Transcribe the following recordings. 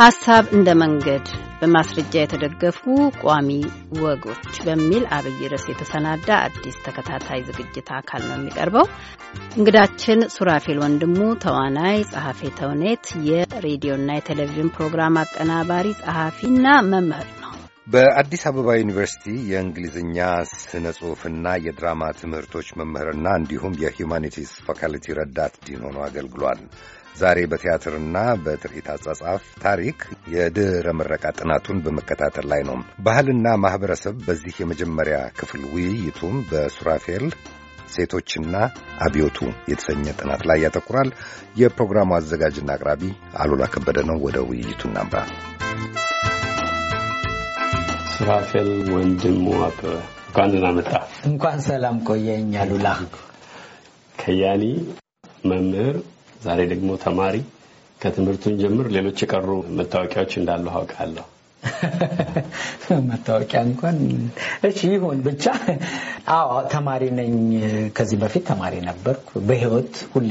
ሀሳብ እንደ መንገድ በማስረጃ የተደገፉ ቋሚ ወጎች በሚል አብይ ርዕስ የተሰናዳ አዲስ ተከታታይ ዝግጅት አካል ነው የሚቀርበው። እንግዳችን ሱራፌል ወንድሙ ተዋናይ፣ ጸሐፌ ተውኔት፣ የሬዲዮና የቴሌቪዥን ፕሮግራም አቀናባሪ ጸሐፊና መምህር ነው። በአዲስ አበባ ዩኒቨርሲቲ የእንግሊዝኛ ስነ ጽሑፍና የድራማ ትምህርቶች መምህርና እንዲሁም የሂዩማኒቲስ ፋካልቲ ረዳት ዲን ሆኖ አገልግሏል። ዛሬ በቲያትርና በትርኢት አጻጻፍ ታሪክ የድኅረ ምረቃ ጥናቱን በመከታተል ላይ ነው። ባህልና ማኅበረሰብ በዚህ የመጀመሪያ ክፍል ውይይቱም በሱራፌል ሴቶችና አብዮቱ የተሰኘ ጥናት ላይ ያተኩራል። የፕሮግራሙ አዘጋጅና አቅራቢ አሉላ ከበደ ነው። ወደ ውይይቱ እናምራ። ሱራፌል ወንድሙ አበበ እንኳን ደህና መጣ። እንኳን ሰላም ቆየኝ አሉላ። ከያኒ መምህር ዛሬ ደግሞ ተማሪ ከትምህርቱን ጀምር ሌሎች የቀሩ መታወቂያዎች እንዳሉ አውቃለሁ። መታወቂያ እንኳን እሺ ይሁን ብቻ። አዎ ተማሪ ነኝ። ከዚህ በፊት ተማሪ ነበርኩ። በህይወት ሁሌ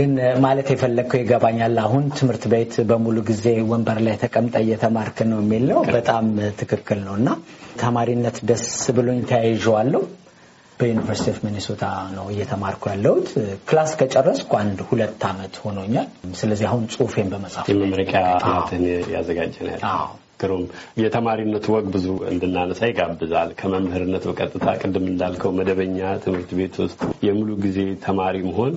ግን ማለት የፈለግከው ይገባኛል። አሁን ትምህርት ቤት በሙሉ ጊዜ ወንበር ላይ ተቀምጠ እየተማርክ ነው የሚለው በጣም ትክክል ነው እና ተማሪነት ደስ ብሎኝ ተያይዤዋለሁ። በዩኒቨርሲቲ ኦፍ ሚኒሶታ ነው እየተማርኩ ያለሁት። ክላስ ከጨረስኩ አንድ ሁለት ዓመት ሆኖኛል። ስለዚህ አሁን ጽሁፌን በመጻፍ የመመረቂያ ጥናትን ያዘጋጀ ግሩም የተማሪነት ወግ ብዙ እንድናነሳ ይጋብዛል። ከመምህርነት በቀጥታ ቅድም እንዳልከው መደበኛ ትምህርት ቤት ውስጥ የሙሉ ጊዜ ተማሪ መሆን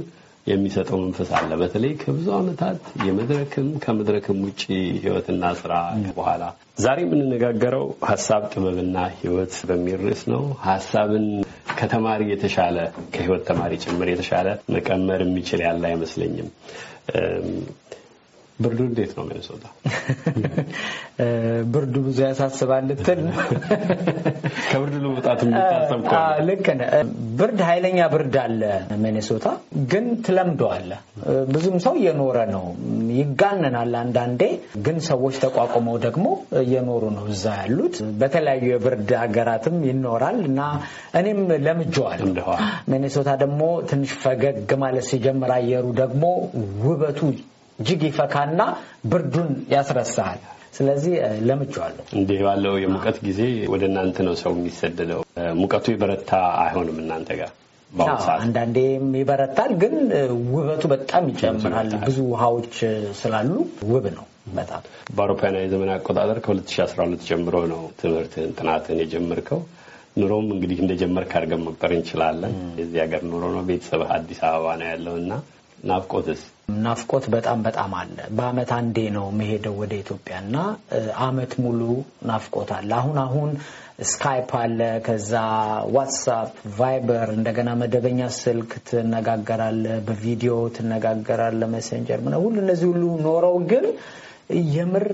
የሚሰጠው መንፈስ አለ። በተለይ ከብዙ ዓመታት የመድረክም ከመድረክም ውጭ ህይወትና ስራ በኋላ ዛሬ የምንነጋገረው ሀሳብ ጥበብና ህይወት በሚል ርዕስ ነው። ሀሳብን ከተማሪ የተሻለ ከህይወት ተማሪ ጭምር የተሻለ መቀመር የሚችል ያለ አይመስለኝም። ብርዱ እንዴት ነው ሚኒሶታ? ብርዱ ብዙ ያሳስባል ልትል ከብርድ ልውጣት ልክ ነህ። ብርድ ኃይለኛ ብርድ አለ ሚኒሶታ፣ ግን ትለምደዋለህ። ብዙም ሰው እየኖረ ነው። ይጋነናል አንዳንዴ፣ ግን ሰዎች ተቋቁመው ደግሞ እየኖሩ ነው እዛ ያሉት። በተለያዩ የብርድ ሀገራትም ይኖራል እና እኔም ለምጄዋለሁ። ሚኒሶታ ደግሞ ትንሽ ፈገግ ማለት ሲጀምር አየሩ ደግሞ ውበቱ እጅግ ይፈካና ብርዱን ያስረሳሃል። ስለዚህ ለምጄዋለሁ። እንዲህ ባለው የሙቀት ጊዜ ወደ እናንተ ነው ሰው የሚሰደደው። ሙቀቱ የበረታ አይሆንም እናንተ ጋር አንዳንዴም ይበረታል፣ ግን ውበቱ በጣም ይጨምራል። ብዙ ውሃዎች ስላሉ ውብ ነው በጣም። በአውሮፓውያን የዘመን አቆጣጠር ከ2012 ጀምሮ ነው ትምህርትህን ጥናትህን የጀመርከው። ኑሮም እንግዲህ እንደጀመርክ አድርገን መቁጠር እንችላለን። የዚህ ሀገር ኑሮ ነው። ቤተሰብህ አዲስ አበባ ነው ያለው እና ናፍቆትስ ናፍቆት በጣም በጣም አለ። በአመት አንዴ ነው መሄደው ወደ ኢትዮጵያ እና አመት ሙሉ ናፍቆት አለ። አሁን አሁን ስካይፕ አለ፣ ከዛ ዋትሳፕ፣ ቫይበር፣ እንደገና መደበኛ ስልክ ትነጋገራለ፣ በቪዲዮ ትነጋገራለ፣ መሰንጀር ምናምን ሁሉ እነዚህ ሁሉ ኖረው ግን የምር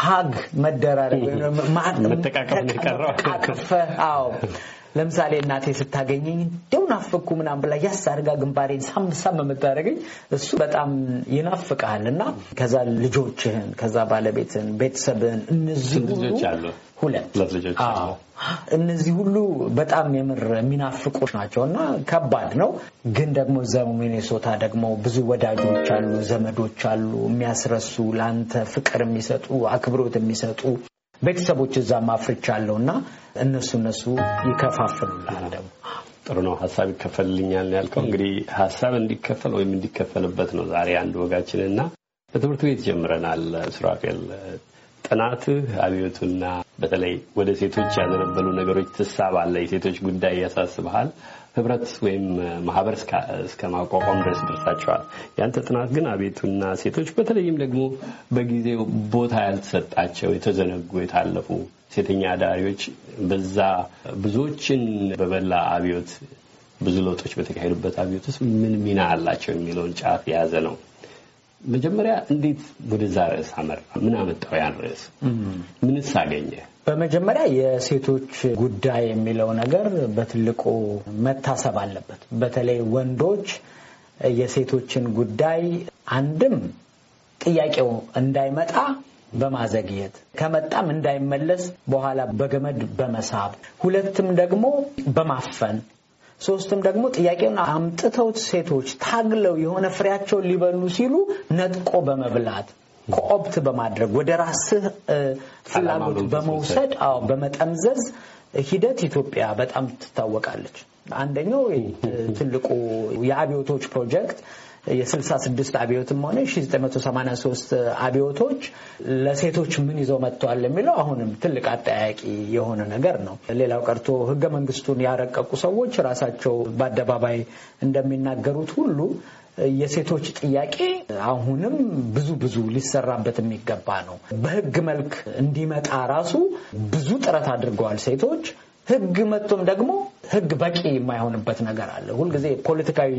ሀግ መደራረብ መጠቃቀፍ ለምሳሌ እናቴ ስታገኘኝ እንደው ናፍኩ ምናምን ብላ ያሳርጋ ግንባሬን ሳም ሳም የምታደርገኝ እሱ በጣም ይናፍቃል እና ከዛ ልጆችህን ከዛ ባለቤትን ቤተሰብህን እነዚህ ሁሉ ሁለት እነዚህ ሁሉ በጣም የምር የሚናፍቁች ናቸው እና ከባድ ነው። ግን ደግሞ እዛ ሚኔሶታ ደግሞ ብዙ ወዳጆች አሉ፣ ዘመዶች አሉ፣ የሚያስረሱ ለአንተ ፍቅር የሚሰጡ አክብሮት የሚሰጡ ቤተሰቦች እዛ እዛም አፍርቻለሁ እና እነሱ እነሱ ይከፋፍሉልሃል። ደግሞ ጥሩ ነው። ሀሳብ ይከፈልልኛል ያልከው እንግዲህ ሀሳብ እንዲከፈል ወይም እንዲከፈልበት ነው ዛሬ አንድ ወጋችን እና በትምህርት ቤት ጀምረናል። ሱራፌል ጥናትህ አብዮቱና በተለይ ወደ ሴቶች ያዘነበሉ ነገሮች ትሳባለ። የሴቶች ጉዳይ ያሳስበሃል። ህብረት ወይም ማህበር እስከ ማቋቋም ድረስ ደርሳቸዋል። ያንተ ጥናት ግን አቤቱና ሴቶች በተለይም ደግሞ በጊዜው ቦታ ያልተሰጣቸው የተዘነጉ፣ የታለፉ ሴተኛ አዳሪዎች በዛ ብዙዎችን በበላ አብዮት ብዙ ለውጦች በተካሄዱበት አብዮት ውስጥ ምን ሚና አላቸው የሚለውን ጫፍ የያዘ ነው። መጀመሪያ እንዴት ወደዛ ርዕስ አመራ? ምን አመጣው ያን ርዕስ? ምንስ አገኘ? በመጀመሪያ የሴቶች ጉዳይ የሚለው ነገር በትልቁ መታሰብ አለበት። በተለይ ወንዶች የሴቶችን ጉዳይ አንድም ጥያቄው እንዳይመጣ በማዘግየት ከመጣም እንዳይመለስ በኋላ በገመድ በመሳብ፣ ሁለትም ደግሞ በማፈን፣ ሶስትም ደግሞ ጥያቄውን አምጥተውት ሴቶች ታግለው የሆነ ፍሬያቸውን ሊበሉ ሲሉ ነጥቆ በመብላት ኮኦፕት በማድረግ ወደ ራስህ ፍላጎት በመውሰድ አዎ በመጠምዘዝ ሂደት ኢትዮጵያ በጣም ትታወቃለች። አንደኛው ትልቁ የአብዮቶች ፕሮጀክት የ66 አብዮትም ሆነ 1983 አብዮቶች ለሴቶች ምን ይዘው መጥተዋል የሚለው አሁንም ትልቅ አጠያቂ የሆነ ነገር ነው። ሌላው ቀርቶ ህገ መንግስቱን ያረቀቁ ሰዎች ራሳቸው በአደባባይ እንደሚናገሩት ሁሉ የሴቶች ጥያቄ አሁንም ብዙ ብዙ ሊሰራበት የሚገባ ነው። በህግ መልክ እንዲመጣ ራሱ ብዙ ጥረት አድርገዋል ሴቶች። ህግ መጥቶም ደግሞ ህግ በቂ የማይሆንበት ነገር አለ። ሁልጊዜ ፖለቲካዊ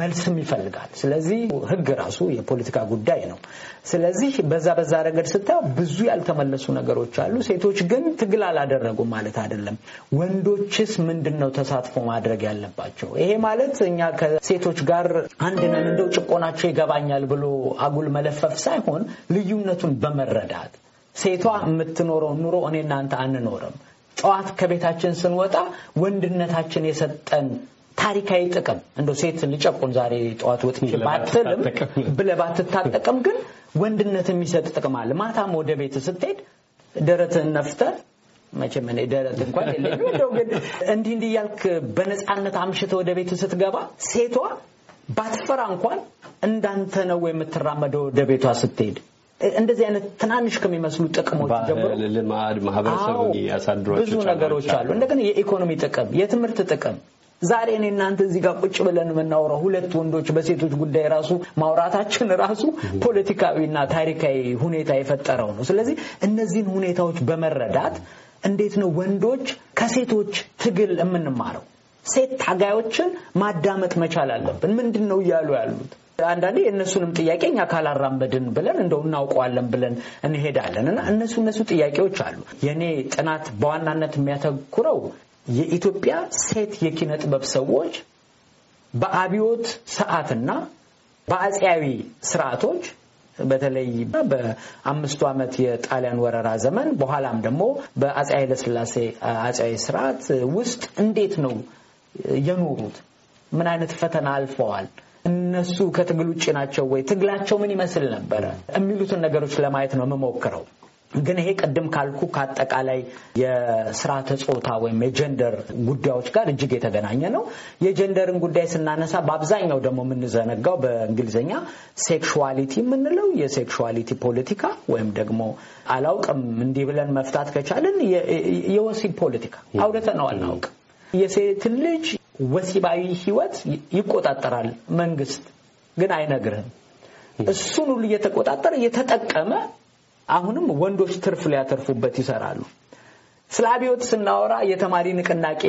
መልስም ይፈልጋል። ስለዚህ ህግ ራሱ የፖለቲካ ጉዳይ ነው። ስለዚህ በዛ በዛ ረገድ ስታየው ብዙ ያልተመለሱ ነገሮች አሉ። ሴቶች ግን ትግል አላደረጉም ማለት አይደለም። ወንዶችስ ምንድን ነው ተሳትፎ ማድረግ ያለባቸው? ይሄ ማለት እኛ ከሴቶች ጋር አንድ ነን እንደው ጭቆናቸው ይገባኛል ብሎ አጉል መለፈፍ ሳይሆን ልዩነቱን በመረዳት ሴቷ የምትኖረው ኑሮ እኔ እናንተ አንኖርም ጠዋት ከቤታችን ስንወጣ ወንድነታችን የሰጠን ታሪካዊ ጥቅም እንደ ሴት ልጨቁን ዛሬ ጠዋት ወጥቼ ባትልም ብለህ ባትታጠቅም ግን ወንድነት የሚሰጥ ጥቅም አለ። ማታም ወደ ቤት ስትሄድ ደረትህን ነፍተህ መቼም እኔ ደረት እንኳን የለኝም እንደው ግን እንዲህ እንዲህ እያልክ በነፃነት አምሽተህ ወደ ቤት ስትገባ ሴቷ ባትፈራ እንኳን እንዳንተ ነው የምትራመደው ወደ ቤቷ ስትሄድ እንደዚህ አይነት ትናንሽ ከሚመስሉ ጥቅሞች ጀምሮ ልማድ ብዙ ነገሮች አሉ። እንደገና የኢኮኖሚ ጥቅም፣ የትምህርት ጥቅም ዛሬ እኔ እናንተ እዚህ ጋር ቁጭ ብለን የምናወራው ሁለት ወንዶች በሴቶች ጉዳይ ራሱ ማውራታችን ራሱ ፖለቲካዊና ታሪካዊ ሁኔታ የፈጠረው ነው። ስለዚህ እነዚህን ሁኔታዎች በመረዳት እንዴት ነው ወንዶች ከሴቶች ትግል የምንማረው? ሴት ታጋዮችን ማዳመጥ መቻል አለብን። ምንድን ነው እያሉ ያሉት? አንዳንዴ የእነሱንም ጥያቄ እኛ ካላራመድን ብለን እንደው እናውቀዋለን ብለን እንሄዳለን እና እነሱ እነሱ ጥያቄዎች አሉ። የእኔ ጥናት በዋናነት የሚያተኩረው የኢትዮጵያ ሴት የኪነ ጥበብ ሰዎች በአብዮት ሰዓትና በአጼያዊ ስርዓቶች በተለይ በአምስቱ ዓመት የጣሊያን ወረራ ዘመን በኋላም ደግሞ በአጼ ኃይለስላሴ አፄያዊ ስርዓት ውስጥ እንዴት ነው የኖሩት? ምን አይነት ፈተና አልፈዋል? እነሱ ከትግል ውጭ ናቸው ወይ፣ ትግላቸው ምን ይመስል ነበረ የሚሉትን ነገሮች ለማየት ነው የምሞክረው። ግን ይሄ ቅድም ካልኩ ከአጠቃላይ የስርዓተ ጾታ ወይም የጀንደር ጉዳዮች ጋር እጅግ የተገናኘ ነው። የጀንደርን ጉዳይ ስናነሳ በአብዛኛው ደግሞ የምንዘነጋው በእንግሊዝኛ ሴክሹዋሊቲ የምንለው የሴክሹዋሊቲ ፖለቲካ ወይም ደግሞ አላውቅም እንዲህ ብለን መፍታት ከቻልን የወሲብ ፖለቲካ አውርተነው አናውቅም። የሴትን ልጅ ወሲባዊ ህይወት ይቆጣጠራል። መንግስት ግን አይነግርህም። እሱን ሁሉ እየተቆጣጠረ እየተጠቀመ አሁንም ወንዶች ትርፍ ሊያተርፉበት ይሰራሉ። ስለ አብዮት ስናወራ የተማሪ ንቅናቄ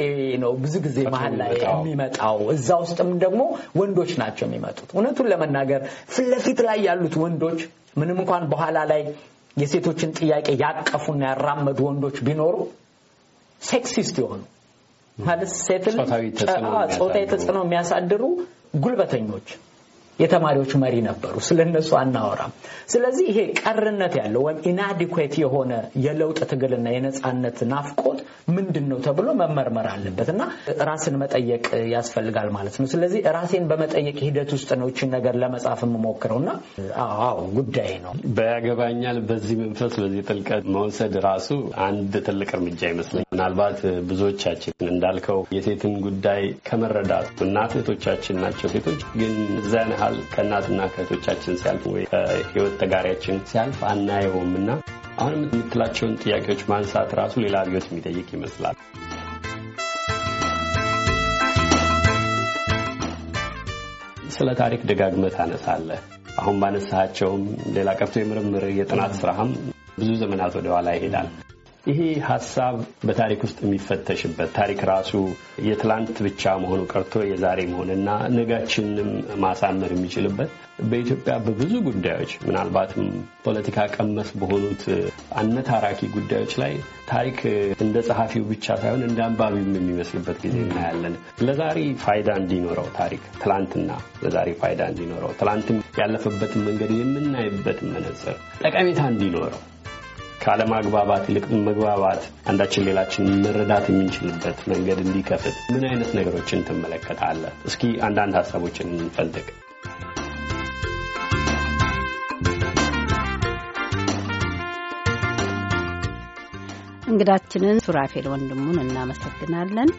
ነው ብዙ ጊዜ መሀል ላይ የሚመጣው። እዛ ውስጥም ደግሞ ወንዶች ናቸው የሚመጡት። እውነቱን ለመናገር ፊት ለፊት ላይ ያሉት ወንዶች ምንም እንኳን በኋላ ላይ የሴቶችን ጥያቄ ያቀፉና ያራመዱ ወንዶች ቢኖሩ ሴክሲስት የሆኑ ማለት ሴትን ጾታዊ ተጽዕኖ የሚያሳድሩ ጉልበተኞች የተማሪዎች መሪ ነበሩ። ስለ እነሱ አናወራም። ስለዚህ ይሄ ቀርነት ያለው ወይም ኢናዲኩዌት የሆነ የለውጥ ትግልና የነፃነት ናፍቆት ምንድን ነው ተብሎ መመርመር አለበት እና ራስን መጠየቅ ያስፈልጋል ማለት ነው። ስለዚህ ራሴን በመጠየቅ ሂደት ውስጥ ነው እችን ነገር ለመጻፍ የምሞክረው እና አዎ ጉዳይ ነው በያገባኛል። በዚህ መንፈስ በዚህ ጥልቀት መውሰድ ራሱ አንድ ትልቅ እርምጃ ይመስለኛል። ምናልባት ብዙዎቻችን እንዳልከው የሴትን ጉዳይ ከመረዳቱ እና ሴቶቻችን ናቸው ሴቶች ግን ዘን ያህል ከእናትና ከእህቶቻችን ሲያልፍ ወይ ከህይወት ተጋሪያችን ሲያልፍ አናየውም እና አሁን የምትላቸውን ጥያቄዎች ማንሳት ራሱ ሌላ ርዕዮት የሚጠይቅ ይመስላል። ስለ ታሪክ ደጋግመህ ታነሳለህ። አሁን ባነሳቸውም ሌላ ቀርቶ የምርምር የጥናት ስራህም ብዙ ዘመናት ወደኋላ ይሄዳል። ይሄ ሀሳብ በታሪክ ውስጥ የሚፈተሽበት ታሪክ ራሱ የትላንት ብቻ መሆኑ ቀርቶ የዛሬ መሆንና ነጋችንንም ማሳመር የሚችልበት በኢትዮጵያ በብዙ ጉዳዮች ምናልባትም ፖለቲካ ቀመስ በሆኑት አነታራኪ ጉዳዮች ላይ ታሪክ እንደ ጸሐፊው ብቻ ሳይሆን እንደ አንባቢውም የሚመስልበት ጊዜ እናያለን። ለዛሬ ፋይዳ እንዲኖረው ታሪክ ትላንትና ለዛሬ ፋይዳ እንዲኖረው ትላንትም ያለፈበትን መንገድ የምናይበት መነጽር ጠቀሜታ እንዲኖረው ካለማግባባት ይልቅ መግባባት፣ አንዳችን ሌላችን መረዳት የምንችልበት መንገድ እንዲከፍት ምን አይነት ነገሮችን ትመለከታለህ? እስኪ አንዳንድ ሀሳቦችን እንፈልግ። እንግዳችንን ሱራፌል ወንድሙን እናመሰግናለን።